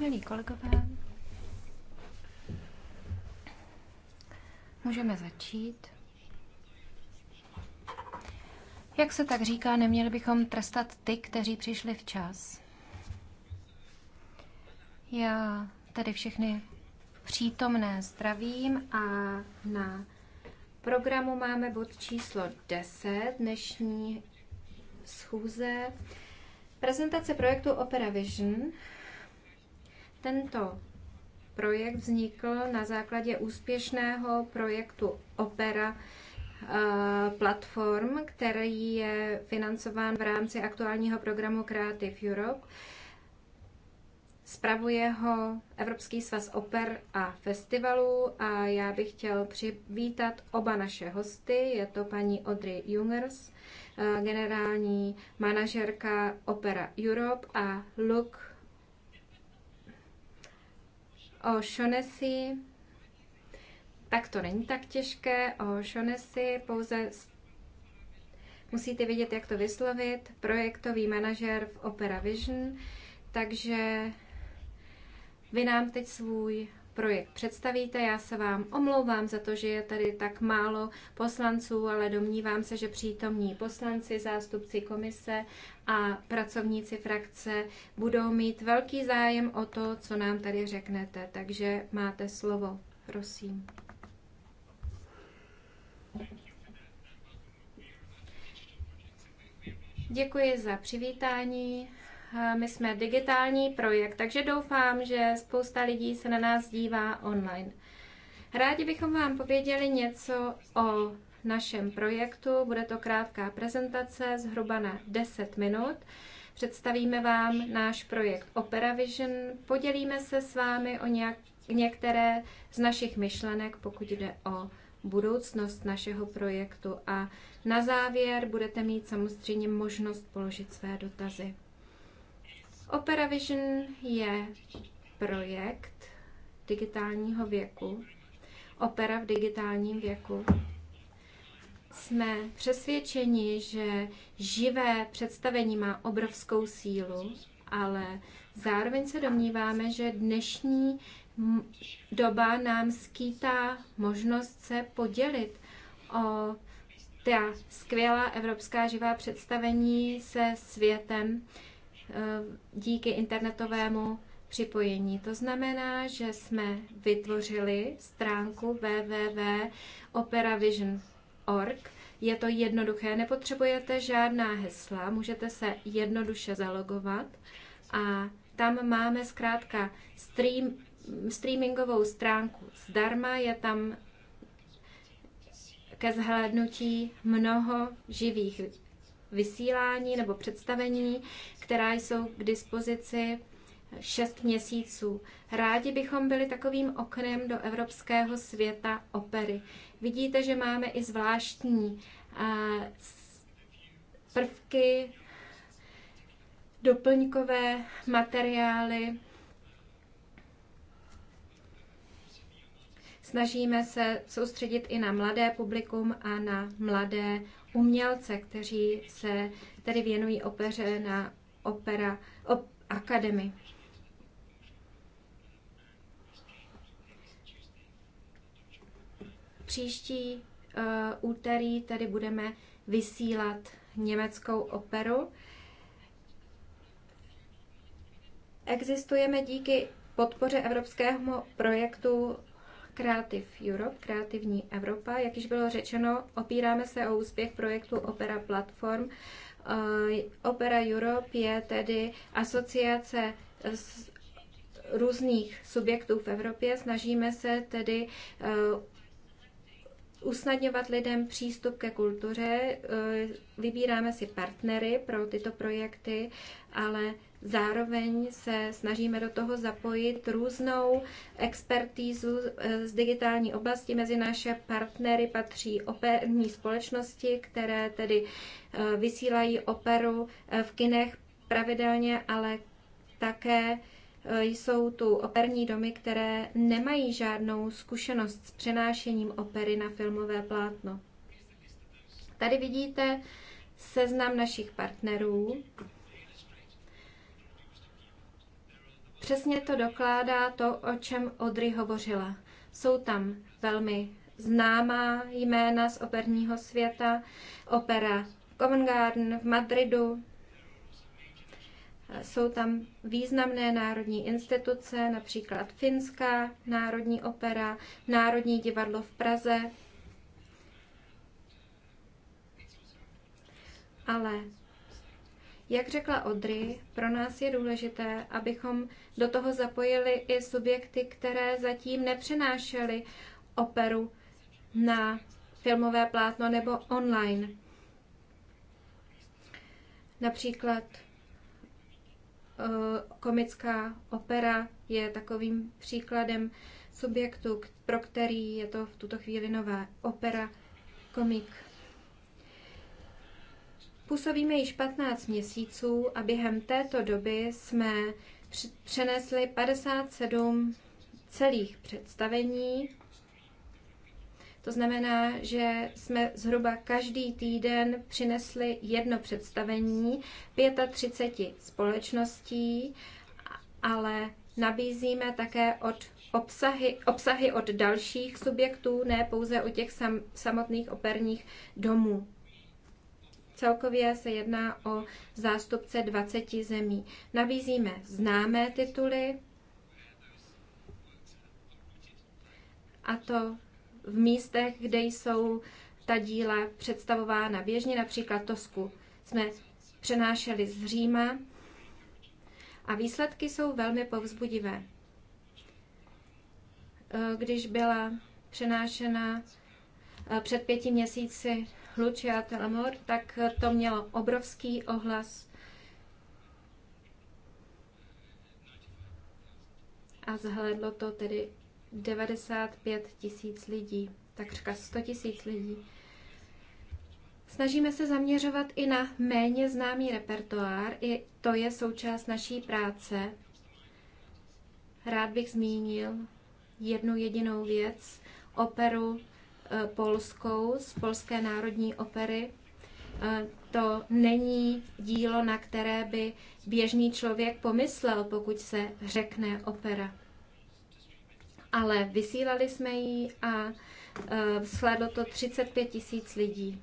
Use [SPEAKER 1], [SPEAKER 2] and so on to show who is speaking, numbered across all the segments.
[SPEAKER 1] Milí kolegové,
[SPEAKER 2] můžeme začít. Jak se tak říká, neměli bychom trestat ty, kteří přišli včas. Já tady všechny přítomné zdravím a na programu máme bod číslo 10 dnešní schůze. Prezentace projektu Opera Vision. Tento projekt vznikl na základě úspěšného projektu Opera eh, platform, který je financován v rámci aktuálního programu Creative Europe. Spravuje ho Evropský svaz oper a festivalů a já bych chtěl přivítat oba naše hosty. Je to paní Audrey Jungers, Eh, generální manažerka Opera Europe a Luke O'Shaughnessy. Tak to není tak těžké. O'Shaughnessy pouze musíte vědět, jak to vyslovit. Projektový manažer v Opera Vision. Takže vy nám teď svůj projekt představíte. Já se vám omlouvám za to, že je tady tak málo poslanců, ale domnívám se, že přítomní poslanci, zástupci komise a pracovníci frakce budou mít velký zájem o to, co nám tady řeknete. Takže máte slovo, prosím. Děkuji za přivítání Eh, my jsme digitální projekt, takže doufám, že spousta lidí se na nás dívá online. Rádi bychom vám pověděli něco o našem projektu. Bude to krátká prezentace, zhruba na 10 minut. Představíme vám náš projekt Vision. podělíme se s vámi o nějak, některé z našich myšlenek, pokud jde o budoucnost našeho projektu a na závěr budete mít samozřejmě možnost položit své dotazy. Opera Vision je projekt digitálního věku, opera v digitálním věku. Jsme přesvědčeni, že živé představení má obrovskou sílu, ale zároveň se domníváme, že dnešní doba nám skýtá možnost se podělit o ta skvělá evropská živá představení se světem Eh, díky internetovému připojení. To znamená, že jsme vytvořili stránku www.operavision.org. Je to jednoduché, nepotřebujete žádná hesla, můžete se jednoduše zalogovat a tam máme zkrátka stream, streamingovou stránku zdarma, je tam ke zhlédnutí mnoho živých vysílání nebo představení, která jsou k dispozici 6 měsíců. Rádi bychom byli takovým oknem do evropského světa opery. Vidíte, že máme i zvláštní prvky, doplňkové materiály. Snažíme se soustředit i na mladé publikum a na mladé umělce, kteří se tady věnují opeře na opera op, akademii. Příští uh, úterý tady budeme vysílat německou operu. Existujeme díky podpoře evropského projektu Creative Europe, kreativní Evropa. Jak již bylo řečeno, opíráme se o úspěch projektu Opera Platform. Eh, Opera Europe je tedy asociace z různých subjektů v Evropě. Snažíme se tedy eh, usnadňovat lidem přístup ke kultuře, eh, vybíráme si partnery pro tyto projekty, ale Zároveň se snažíme do toho zapojit různou expertízu eh, z digitální oblasti. Mezi naše partnery patří operní společnosti, které tedy eh, vysílají operu eh, v kinech pravidelně, ale také jsou tu operní domy, které nemají žádnou zkušenost s přenášením opery na filmové plátno. Tady vidíte seznam našich partnerů. Přesně to dokládá to, o čem Odry hovořila. Jsou tam velmi známá jména z operního světa, opera Common Garden v Madridu, jsou tam významné národní instituce, například Finská národní opera, Národní divadlo v Praze. Ale jak řekla Odry, pro nás je důležité, abychom do toho zapojili i subjekty, které zatím nepřenášely operu na filmové plátno nebo online. Například eh, komická opera je takovým příkladem subjektu, pro který je to v tuto chvíli nová Opera, komik. Působíme již 15 měsíců a během této doby jsme přenesli 57 celých představení. To znamená, že jsme zhruba každý týden přinesli jedno představení 35 společností, ale nabízíme také od obsahy, obsahy od dalších subjektů, ne pouze od těch sam, samotných operních domů. Celkově se jedná o zástupce 20 zemí. Nabízíme známé tituly, a to v místech, kde jsou ta díla představována běžně, například Tosku jsme přenášeli z Říma a výsledky jsou velmi povzbudivé. Když byla přenášena eh, před pěti měsíci Lucia Telamor, tak to mělo obrovský ohlas. A zhlédlo to tedy 95 tisíc lidí, takřka 100 tisíc lidí. Snažíme se zaměřovat i na méně známý repertoár, i to je součást naší práce. Rád bych zmínil jednu jedinou věc, operu Eh, polskou z Polské národní opery. Eh, to není dílo, na které by běžný člověk pomyslel, pokud se řekne opera. Ale vysílali jsme ji a shlédlo eh, to 35 tisíc lidí.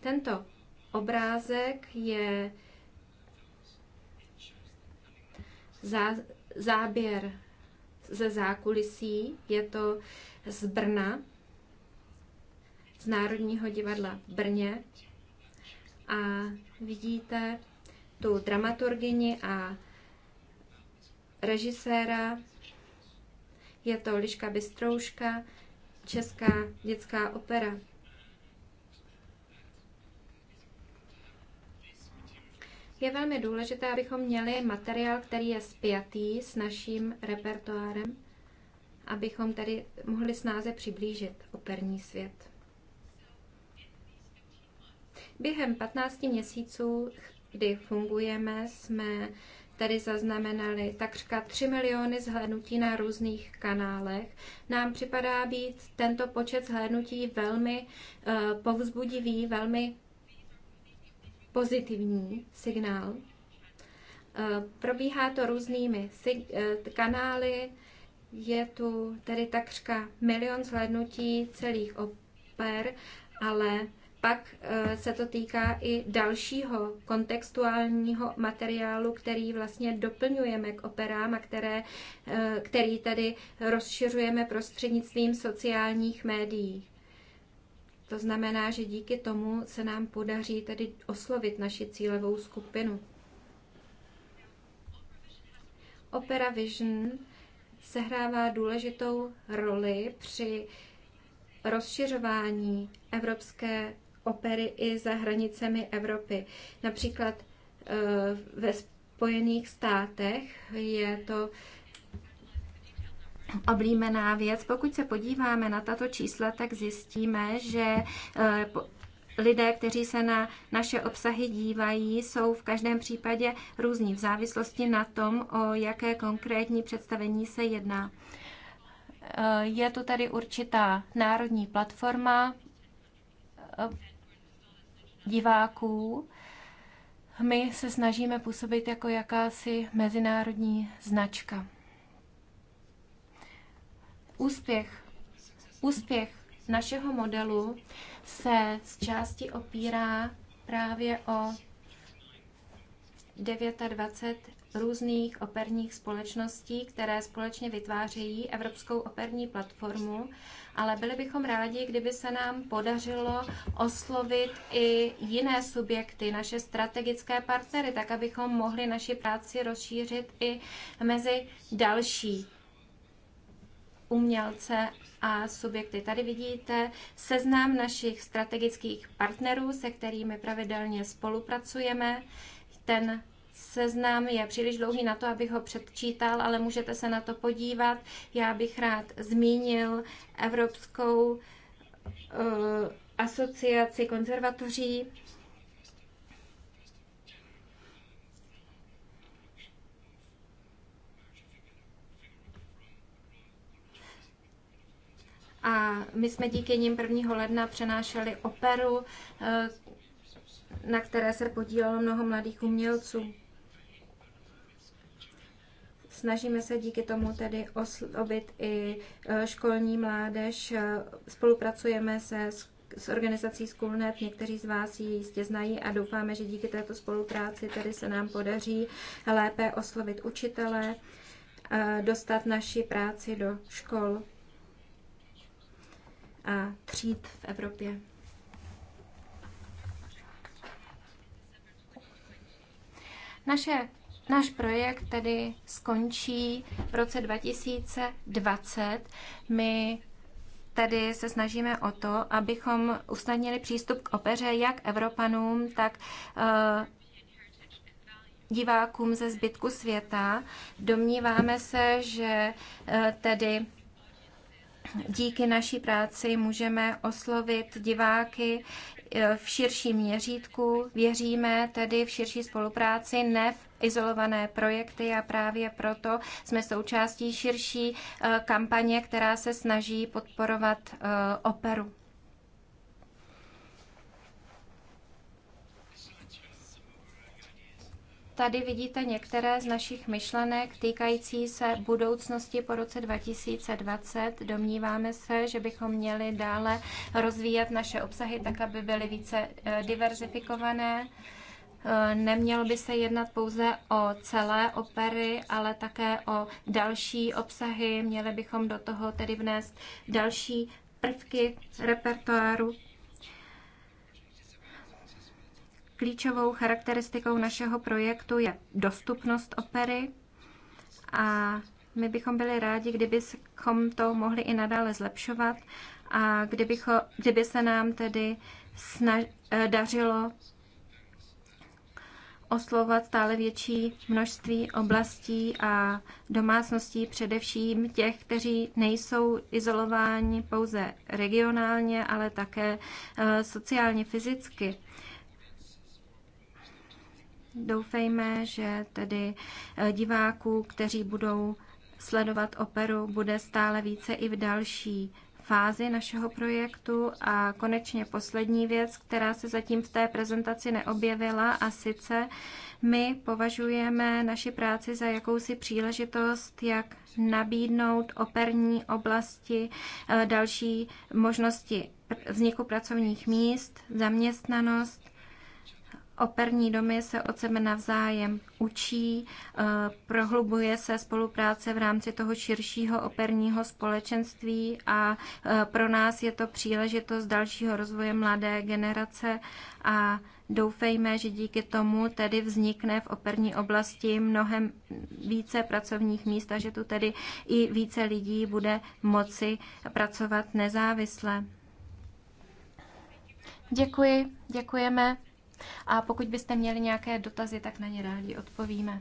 [SPEAKER 2] Tento obrázek je zá, záběr ze zákulisí, je to z Brna, z Národního divadla v Brně a vidíte tu dramaturgini a režiséra. Je to Liška Bystrouška, Česká dětská opera. Je velmi důležité, abychom měli materiál, který je spjatý s naším repertoárem, abychom tedy mohli snáze přiblížit operní svět. Během 15 měsíců, kdy fungujeme, jsme tady zaznamenali takřka 3 miliony zhlédnutí na různých kanálech. Nám připadá být tento počet zhlédnutí velmi uh, povzbudivý, velmi pozitivní signál. Eh, probíhá to různými eh, kanály, je tu tedy takřka milion zhlédnutí celých oper, ale pak eh, se to týká i dalšího kontextuálního materiálu, který vlastně doplňujeme k operám a které, eh, který tady rozšiřujeme prostřednictvím sociálních médií. To znamená, že díky tomu se nám podaří tedy oslovit naši cílovou skupinu. Opera Vision sehrává důležitou roli při rozšiřování evropské opery i za hranicemi Evropy. Například eh, ve Spojených státech je to oblíbená věc. Pokud se podíváme na tato čísla, tak zjistíme, že eh, lidé, kteří se na naše obsahy dívají, jsou v každém případě různí v závislosti na tom, o jaké konkrétní představení se jedná. Eh, je tu tady určitá národní platforma, diváků. My se snažíme působit jako jakási mezinárodní značka. Úspěch, úspěch našeho modelu se z části opírá právě o 29 různých operních společností, které společně vytvářejí Evropskou operní platformu ale byli bychom rádi, kdyby se nám podařilo oslovit i jiné subjekty, naše strategické partnery, tak abychom mohli naši práci rozšířit i mezi další umělce a subjekty. Tady vidíte seznam našich strategických partnerů, se kterými pravidelně spolupracujeme. Ten seznam je příliš dlouhý na to, abych ho předčítal, ale můžete se na to podívat. Já bych rád zmínil Evropskou uh, asociaci konzervatoří. A my jsme díky nim 1. ledna přenášeli operu, eh, na které se podílelo mnoho mladých umělců. Snažíme se díky tomu tedy oslovit i eh, školní mládež. Eh, spolupracujeme se s organizací Schoolnet, někteří z vás ji jistě znají a doufáme, že díky této spolupráci tedy se nám podaří lépe oslovit učitele, eh, dostat naši práci do škol a tříd v Evropě. Naše Náš projekt tedy skončí v roce 2020. My tedy se snažíme o to, abychom usnadnili přístup k opeře jak Evropanům, tak eh, divákům ze zbytku světa. Domníváme se, že eh, tedy díky naší práci můžeme oslovit diváky eh, v širším měřítku. Věříme tedy v širší spolupráci, ne v izolované projekty a právě proto jsme součástí širší eh, kampaně, která se snaží podporovat eh, operu. Tady vidíte některé z našich myšlenek týkající se budoucnosti po roce 2020. Domníváme se, že bychom měli dále rozvíjet naše obsahy tak, aby byly více eh, diverzifikované. Eh, nemělo by se jednat pouze o celé opery, ale také o další obsahy. Měli bychom do toho tedy vnést další prvky repertoáru. Klíčovou charakteristikou našeho projektu je dostupnost opery a my bychom byli rádi, kdybychom to mohli i nadále zlepšovat a kdybycho, kdyby se nám tedy snaž, eh, dařilo oslovovat stále větší množství oblastí a domácností, především těch, kteří nejsou izolováni pouze regionálně, ale také eh, sociálně, fyzicky. Doufejme, že tedy eh, diváků, kteří budou sledovat operu, bude stále více i v další fázi našeho projektu. A konečně poslední věc, která se zatím v té prezentaci neobjevila, a sice my považujeme naši práci za jakousi příležitost, jak nabídnout operní oblasti eh, další možnosti vzniku pracovních míst, zaměstnanost Operní domy se od sebe navzájem učí, eh, prohlubuje se spolupráce v rámci toho širšího operního společenství a eh, pro nás je to příležitost dalšího rozvoje mladé generace a doufejme, že díky tomu tedy vznikne v operní oblasti mnohem více pracovních míst a že tu tedy i více lidí bude moci pracovat nezávisle. Děkuji, děkujeme a pokud byste měli nějaké dotazy, tak na ně rádi odpovíme.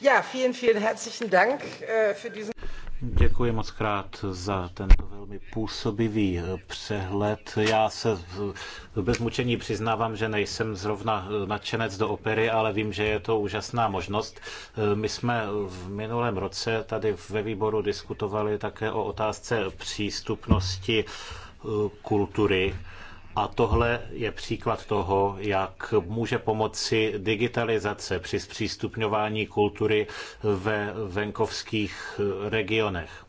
[SPEAKER 1] Ja, vielen, vielen herzlichen Dank äh, für diesen
[SPEAKER 3] Děkuji moc krát za tento velmi působivý äh, přehled. Já se äh, bez mučení přiznávám, že nejsem zrovna nadšenec do opery, ale vím, že je to úžasná možnost. My jsme v minulém roce tady ve výboru diskutovali také o otázce přístupnosti kultury a tohle je příklad toho, jak může pomoci digitalizace při zpřístupňování kultury ve venkovských regionech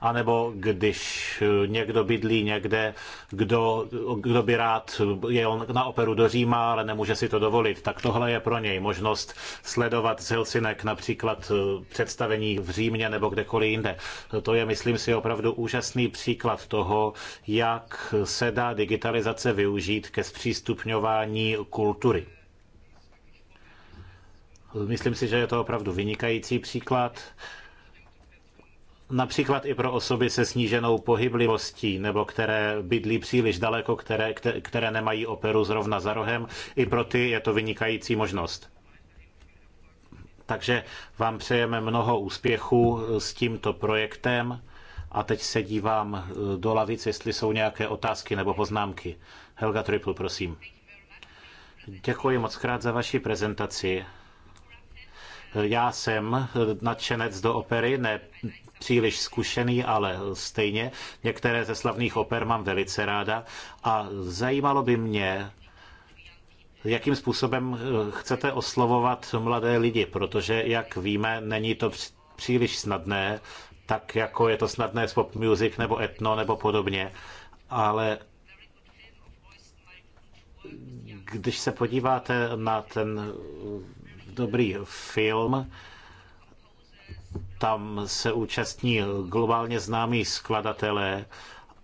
[SPEAKER 3] anebo když eh, někdo bydlí někde, kdo, kdo by rád jel na operu do Říma, ale nemůže si to dovolit, tak tohle je pro něj možnost sledovat z Helsinek například eh, představení v Římě nebo kdekoliv jinde. To je, myslím si, opravdu úžasný příklad toho, jak se dá digitalizace využít ke zpřístupňování kultury. Myslím si, že je to opravdu vynikající příklad například i pro osoby se sníženou pohyblivostí nebo které bydlí příliš daleko, které, které nemají operu zrovna za rohem, i pro ty je to vynikající možnost. Takže vám přejeme mnoho úspěchů s tímto projektem a teď se dívám eh, do lavic, jestli jsou nějaké otázky nebo poznámky. Helga Triple, prosím. Děkuji moc krát za vaši prezentaci. Já jsem eh, nadšenec do opery, ne příliš zkušený, ale stejně. Některé ze slavných oper mám velice ráda a zajímalo by mě, jakým způsobem eh, chcete oslovovat mladé lidi, protože, jak víme, není to příliš snadné, tak jako je to snadné s pop music nebo etno nebo podobně, ale když se podíváte na ten dobrý film. Tam se účastní globálně známí skladatelé.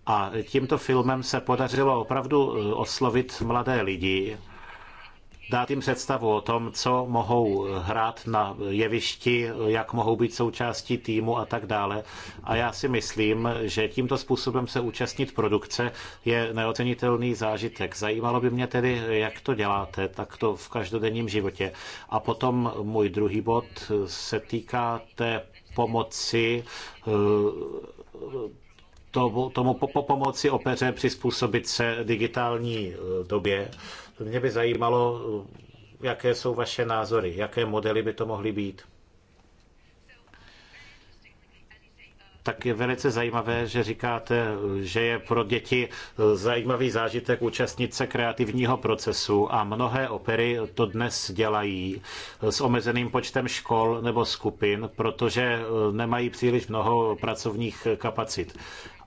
[SPEAKER 3] A tímto filmem se podařilo opravdu oslovit mladé lidi, dát jim představu o tom, co mohou hrát na jevišti, jak mohou být součástí týmu a tak dále. A já si myslím, že tímto způsobem se účastnit produkce je neocenitelný zážitek. Zajímalo by mě tedy, jak to děláte, tak to v každodenním životě. A potom můj druhý bod se týká té pomoci eh, tomu, tomu po, po pomoci opeře přizpůsobit se digitální eh, době. Mě by zajímalo, jaké jsou vaše názory, jaké modely by to mohly být. tak je velice zajímavé, že říkáte, že je pro děti zajímavý zážitek účastnit se kreativního procesu a mnohé opery to dnes dělají s omezeným počtem škol nebo skupin, protože nemají příliš mnoho pracovních kapacit.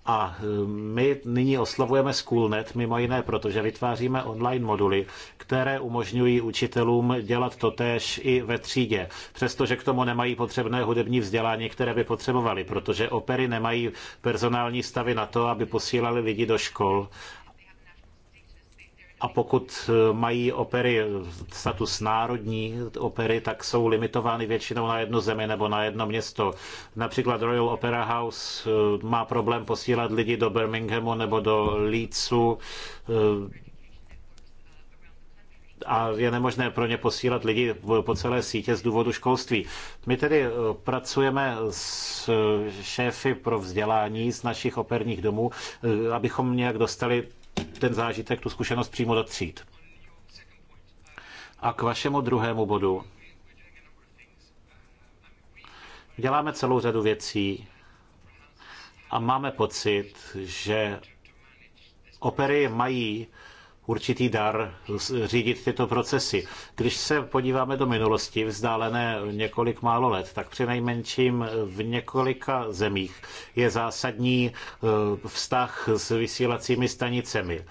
[SPEAKER 3] A eh, my nyní oslavujeme Schoolnet, mimo jiné, protože vytváříme online moduly, které umožňují učitelům dělat též i ve třídě, přestože k tomu nemají potřebné hudební vzdělání, které by potřebovali, protože opery nemají personální stavy na to, aby posílali lidi do škol a pokud eh, mají opery eh, status národní opery, tak jsou limitovány většinou na jednu zemi nebo na jedno město. Například Royal Opera House eh, má problém posílat lidi do Birminghamu nebo do Leedsu a je nemožné pro ně posílat lidi po celé sítě z důvodu školství. My tedy pracujeme s šéfy pro vzdělání z našich operních domů, abychom nějak dostali ten zážitek, tu zkušenost přímo do tříd. A k vašemu druhému bodu. Děláme celou řadu věcí a máme pocit, že opery mají určitý dar řídit tyto procesy. Když se podíváme do minulosti, vzdálené několik málo let, tak při nejmenším v několika zemích je zásadní e, vztah s vysílacími stanicemi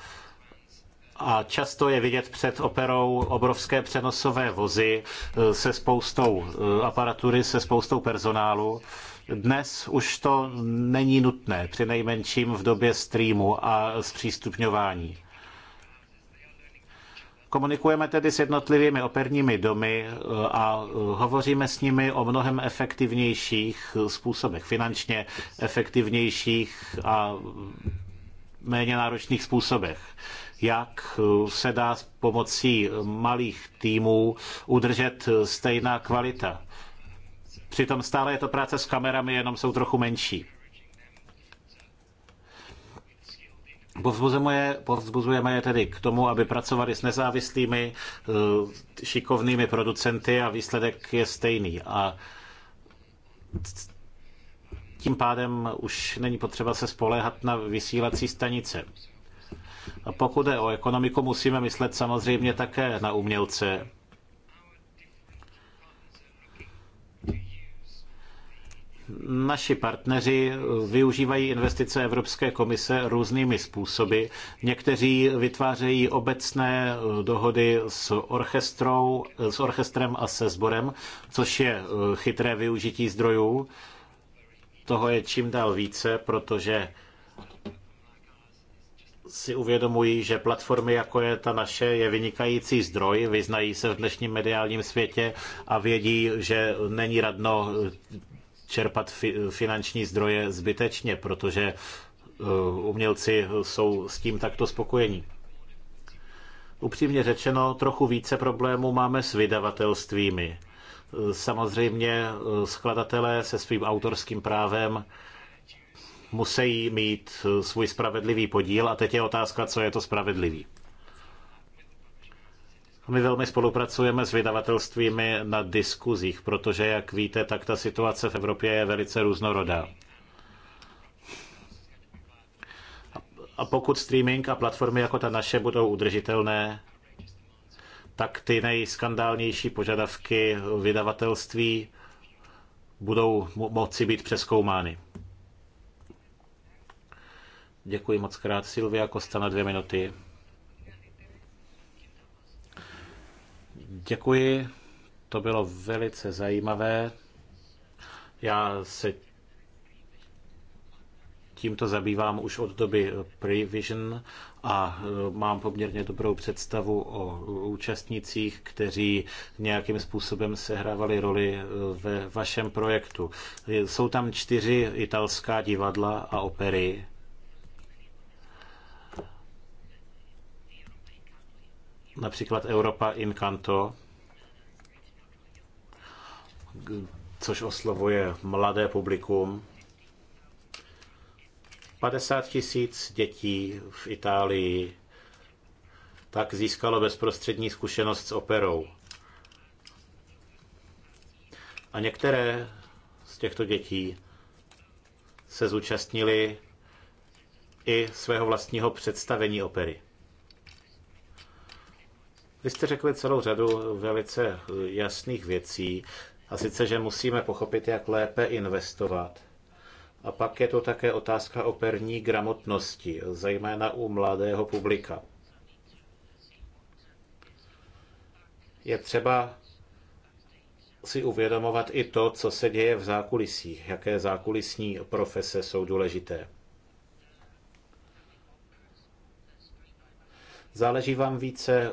[SPEAKER 3] a často je vidět před operou obrovské přenosové vozy e, se spoustou e, aparatury, se spoustou personálu. Dnes už to není nutné, při nejmenším v době streamu a zpřístupňování. Komunikujeme tedy s jednotlivými operními domy e, a e, hovoříme s nimi o mnohem efektivnějších způsobech, finančně efektivnějších a méně náročných způsobech jak e, se dá s pomocí malých týmů udržet stejná kvalita. Přitom stále je to práce s kamerami, jenom jsou trochu menší. Povzbuzujeme je, povzbuzujeme je tedy k tomu, aby pracovali s nezávislými eh, šikovnými producenty a výsledek je stejný. A tím pádem už není potřeba se spoléhat na vysílací stanice. A pokud je o ekonomiku, musíme myslet samozřejmě také na umělce, Naši partneři eh, využívají investice Evropské komise různými způsoby. Někteří vytvářejí obecné eh, dohody s, orchestrou, eh, s orchestrem a se sborem, což je chytré využití zdrojů. Toho je čím dál více, protože si uvědomují, že platformy jako je ta naše je vynikající zdroj, vyznají se v dnešním mediálním světě a vědí, že není radno čerpat fi- finanční zdroje zbytečně, protože e, umělci jsou s tím takto spokojení. Upřímně řečeno, trochu více problémů máme s vydavatelstvími. E, samozřejmě e, skladatelé se svým autorským právem musí mít svůj spravedlivý podíl a teď je otázka, co je to spravedlivý. My velmi spolupracujeme s vydavatelstvími na diskuzích, protože, jak víte, tak ta situace v Evropě je velice různorodá. A pokud streaming a platformy jako ta naše budou udržitelné, tak ty nejskandálnější požadavky vydavatelství budou moci být přeskoumány. Děkuji moc krát, Silvia Kosta na dvě minuty. Děkuji, to bylo velice zajímavé. Já se tímto zabývám už od doby Prevision a e, mám poměrně dobrou představu o účastnících, kteří nějakým způsobem sehrávali roli e, ve vašem projektu. Jsou tam čtyři italská divadla a opery například Europa Canto, což oslovuje mladé publikum. 50 tisíc dětí v Itálii tak získalo bezprostřední zkušenost s operou. A některé z těchto dětí se zúčastnili i svého vlastního představení opery. Vy jste řekli celou řadu velice jasných věcí, a sice, že musíme pochopit, jak lépe investovat. A pak je to také otázka operní gramotnosti, zejména u mladého publika. Je třeba si uvědomovat i to, co se děje v zákulisí, jaké zákulisní profese jsou důležité. Záleží vám více eh,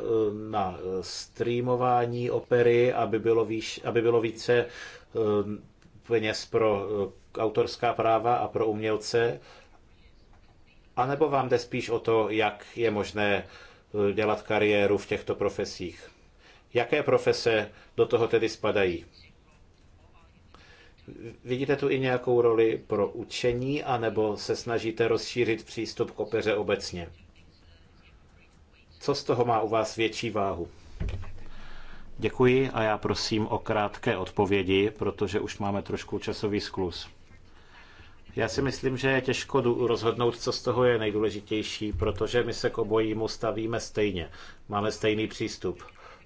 [SPEAKER 3] na eh, streamování opery, aby bylo, výš, aby bylo více eh, peněz pro autorská práva a pro umělce? A nebo vám jde spíš o to, jak je možné dělat kariéru v těchto profesích? Jaké profese do toho tedy spadají? Vidíte tu i nějakou roli pro učení, anebo se snažíte rozšířit přístup k opeře obecně? Co z toho má u vás větší váhu? Děkuji a já prosím o krátké odpovědi, protože už máme trošku časový sklus. Já si myslím, že je těžko rozhodnout, co z toho je nejdůležitější, protože my se k obojímu stavíme stejně. Máme stejný přístup.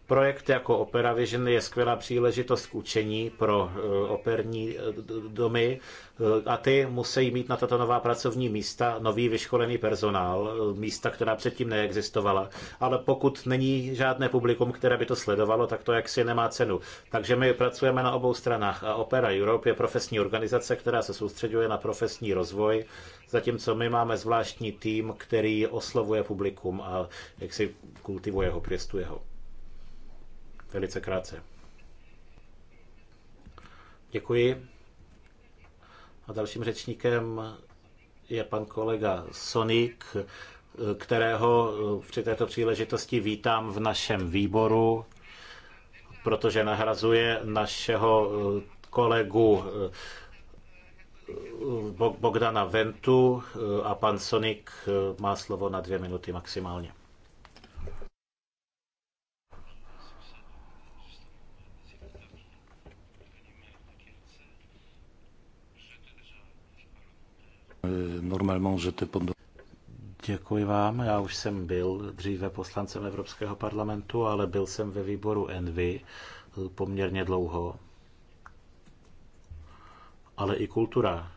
[SPEAKER 3] Projekt jako Opera Vision je skvělá příležitost k učení pro eh, operní eh, domy eh, a ty musí mít na tato nová pracovní místa nový vyškolený personál, místa, která předtím neexistovala. Ale pokud není žádné publikum, které by to sledovalo, tak to jaksi nemá cenu. Takže my pracujeme na obou stranách a Opera Europe je profesní organizace, která se soustředuje na profesní rozvoj, zatímco my máme zvláštní tým, který oslovuje publikum a jaksi kultivuje ho, pěstuje ho velice krátce. Děkuji. A dalším řečníkem je pan kolega Sonik, kterého při této příležitosti vítám v našem výboru, protože nahrazuje našeho kolegu Bogdana Ventu a pan Sonik má slovo na dvě minuty maximálně. Eh, Normalement, je te Děkuji vám. Já už jsem byl dříve poslancem Evropského parlamentu, ale byl jsem ve výboru Envy eh, poměrně dlouho. Ale i kultura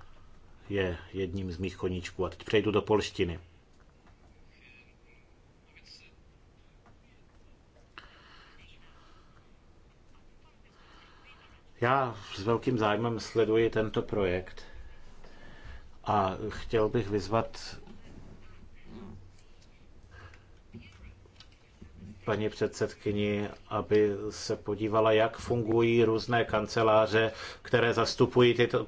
[SPEAKER 3] je jedním z mých koníčků. A teď přejdu do polštiny. Já s velkým zájmem sleduji tento projekt a chtěl bych vyzvat paní předsedkyni, aby se podívala, jak fungují různé kanceláře, které zastupují tyto,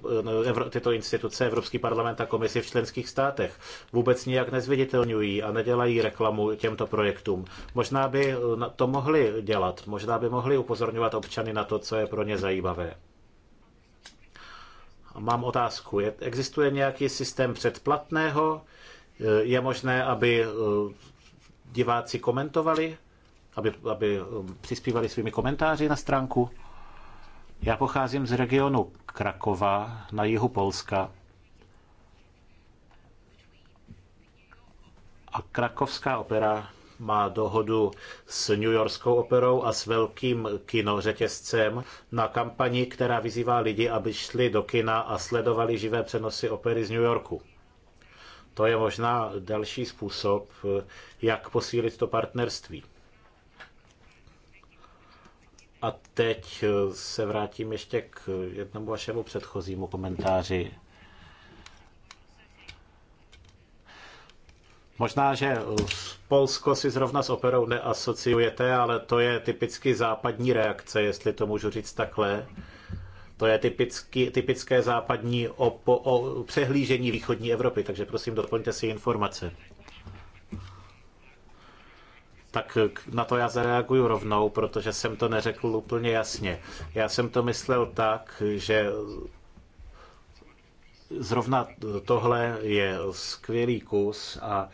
[SPEAKER 3] tyto instituce, Evropský parlament a komisi v členských státech. Vůbec nijak nezviditelňují a nedělají reklamu těmto projektům. Možná by to mohli dělat, možná by mohli upozorňovat občany na to, co je pro ně zajímavé. Mám otázku. Je, existuje nějaký systém předplatného? Je možné, aby eh, diváci komentovali? Aby, aby eh, přispívali svými komentáři na stránku? Já pocházím z regionu Krakova na jihu Polska. A krakovská opera má dohodu s New Yorkskou operou a s velkým kinořetězcem na kampani, která vyzývá lidi, aby šli do kina a sledovali živé přenosy opery z New Yorku. To je možná další způsob, jak posílit to partnerství. A teď se vrátím ještě k jednomu vašemu předchozímu komentáři Možná, že eh, Polsko si zrovna s operou neasociujete, ale to je typicky západní reakce, jestli to můžu říct takhle. To je typicky, typické západní opo, o přehlížení východní Evropy, takže prosím, doplňte si informace. Tak na to já zareaguju rovnou, protože jsem to neřekl úplně jasně. Já jsem to myslel tak, že Zrovna tohle je skvělý kus a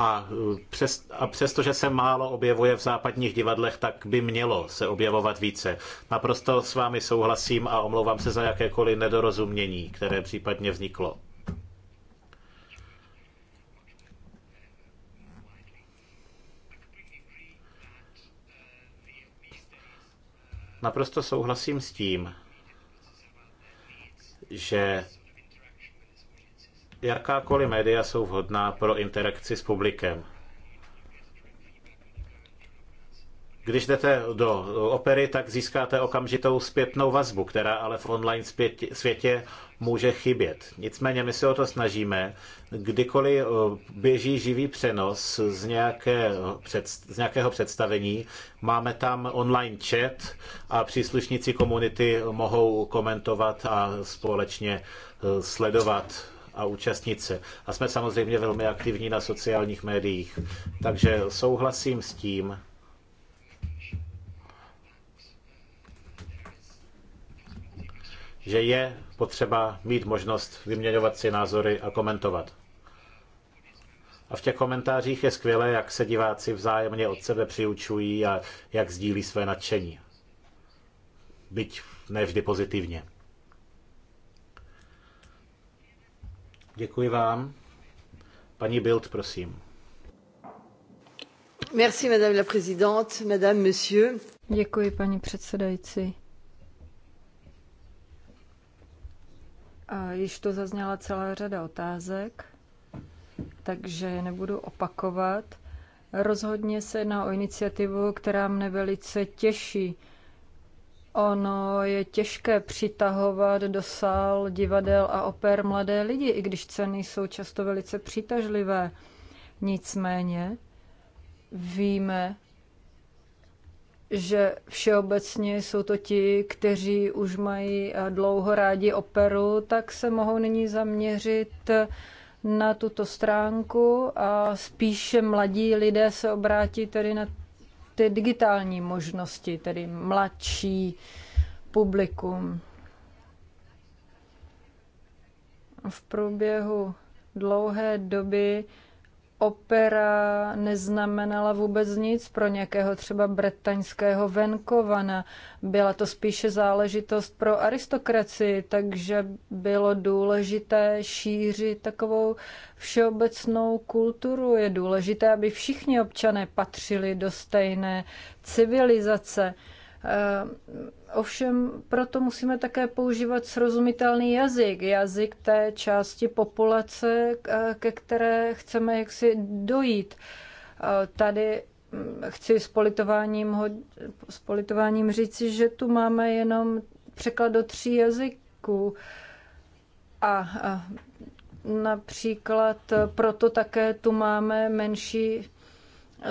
[SPEAKER 3] A, přes, a přesto, že se málo objevuje v západních divadlech, tak by mělo se objevovat více. Naprosto s vámi souhlasím a omlouvám se za jakékoliv nedorozumění, které případně vzniklo. Naprosto souhlasím s tím, že jakákoliv média jsou vhodná pro interakci s publikem. Když jdete do opery, tak získáte okamžitou zpětnou vazbu, která ale v online světě může chybět. Nicméně my se o to snažíme. Kdykoliv eh, běží živý přenos z, nějaké, z nějakého představení, máme tam online chat a příslušníci komunity mohou komentovat a společně eh, sledovat a účastnit se. A jsme samozřejmě velmi aktivní na sociálních médiích. Takže souhlasím s tím, že je potřeba mít možnost vyměňovat si názory a komentovat. A v těch komentářích je skvělé, jak se diváci vzájemně od sebe přiučují a jak sdílí své nadšení. Byť ne vždy pozitivně. Děkuji vám. Paní Bild, prosím.
[SPEAKER 1] Merci, madame la présidente, madame, monsieur. Děkuji, paní předsedající. Již to zazněla celá řada otázek, takže je nebudu opakovat. Rozhodně se jedná o iniciativu, která mne velice těší. Ono je těžké přitahovat do sál divadel a oper mladé lidi, i když ceny jsou často velice přitažlivé. Nicméně víme, že všeobecně jsou to ti, kteří už mají eh, dlouho rádi operu, tak se mohou nyní zaměřit eh, na tuto stránku a spíše mladí lidé se obrátí tedy na ty digitální možnosti, tedy mladší publikum. V průběhu dlouhé doby opera neznamenala vůbec nic pro nějakého třeba bretaňského venkovana. Byla to spíše záležitost pro aristokracii, takže bylo důležité šířit takovou všeobecnou kulturu. Je důležité, aby všichni občané patřili do stejné civilizace. Eh, ovšem proto musíme také používat srozumitelný jazyk, jazyk té části populace, eh, ke které chceme jaksi dojít. Eh, tady hm, chci s politováním, ho, s politováním říci, že tu máme jenom překlad do tří jazyků. A, a například proto také tu máme menší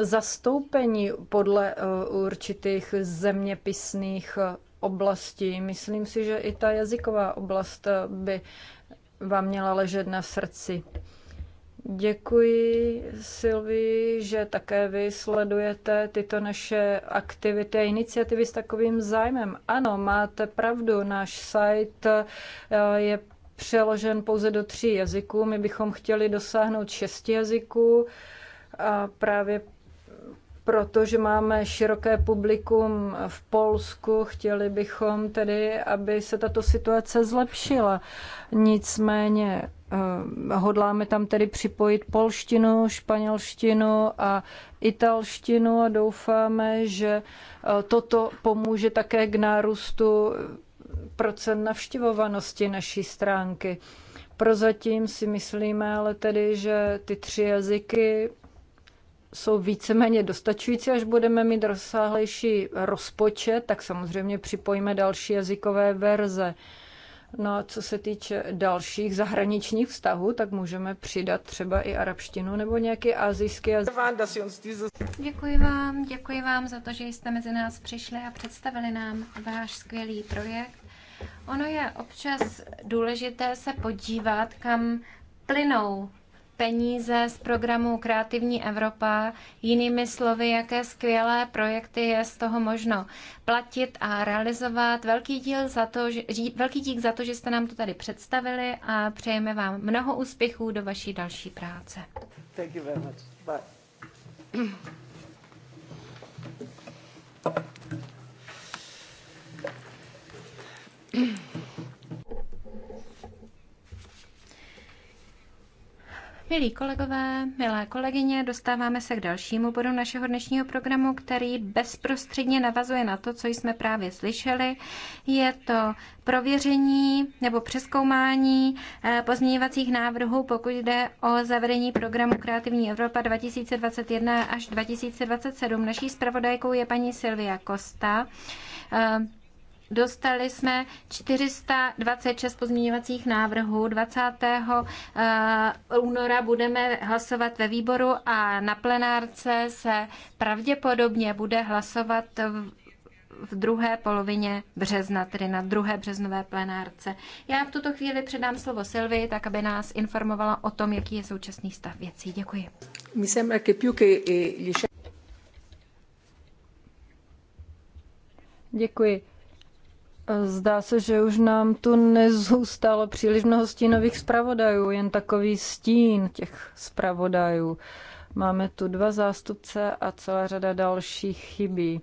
[SPEAKER 1] Zastoupení podle eh, určitých zeměpisných eh, oblastí. Myslím si, že i ta jazyková oblast eh, by vám měla ležet na srdci. Děkuji, Silvi, že také vy sledujete tyto naše aktivity a iniciativy s takovým zájmem. Ano, máte pravdu, náš site je přeložen pouze do tří jazyků. My bychom chtěli dosáhnout šesti jazyků. A právě protože máme široké publikum v Polsku, chtěli bychom tedy, aby se tato situace zlepšila. Nicméně eh, hodláme tam tedy připojit polštinu, španělštinu a italštinu a doufáme, že eh, toto pomůže také k nárůstu procent navštěvovanosti naší stránky. Prozatím si myslíme ale tedy, že ty tři jazyky jsou víceméně dostačující, až budeme mít rozsáhlejší rozpočet, tak samozřejmě připojíme další jazykové verze. No a co se týče dalších zahraničních vztahů, tak můžeme přidat třeba i arabštinu nebo nějaký azijský jazyk.
[SPEAKER 2] Děkuji vám, děkuji vám za to, že jste mezi nás přišli a představili nám váš skvělý projekt. Ono je občas důležité se podívat, kam plynou peníze z programu Kreativní Evropa, jinými slovy, jaké skvělé projekty je z toho možno platit a realizovat. Velký, díl za to, že, velký dík za to, že jste nám to tady představili a přejeme vám mnoho úspěchů do vaší další práce.
[SPEAKER 3] Thank you very much. Bye. Mm.
[SPEAKER 2] Milí kolegové, milé kolegyně, dostáváme se k dalšímu bodu našeho dnešního programu, který bezprostředně navazuje na to, co jsme právě slyšeli. Je to prověření nebo přeskoumání eh, pozměňovacích návrhů, pokud jde o zavedení programu Kreativní Evropa 2021 až 2027. Naší zpravodajkou je paní Silvia Kosta. Eh, Dostali jsme 426 pozměňovacích návrhů. 20. Eh, února budeme hlasovat ve výboru a na plenárce se pravděpodobně bude hlasovat v v druhé polovině března, tedy na druhé březnové plenárce. Já v tuto chvíli předám slovo Silvi, tak aby nás informovala o tom, jaký je současný stav
[SPEAKER 1] věcí. Děkuji. Eh, Děkuji. Zdá se, že už nám tu nezůstalo příliš mnoho stínových zpravodajů, jen takový stín těch zpravodajů. Máme tu dva zástupce a celá řada dalších chybí.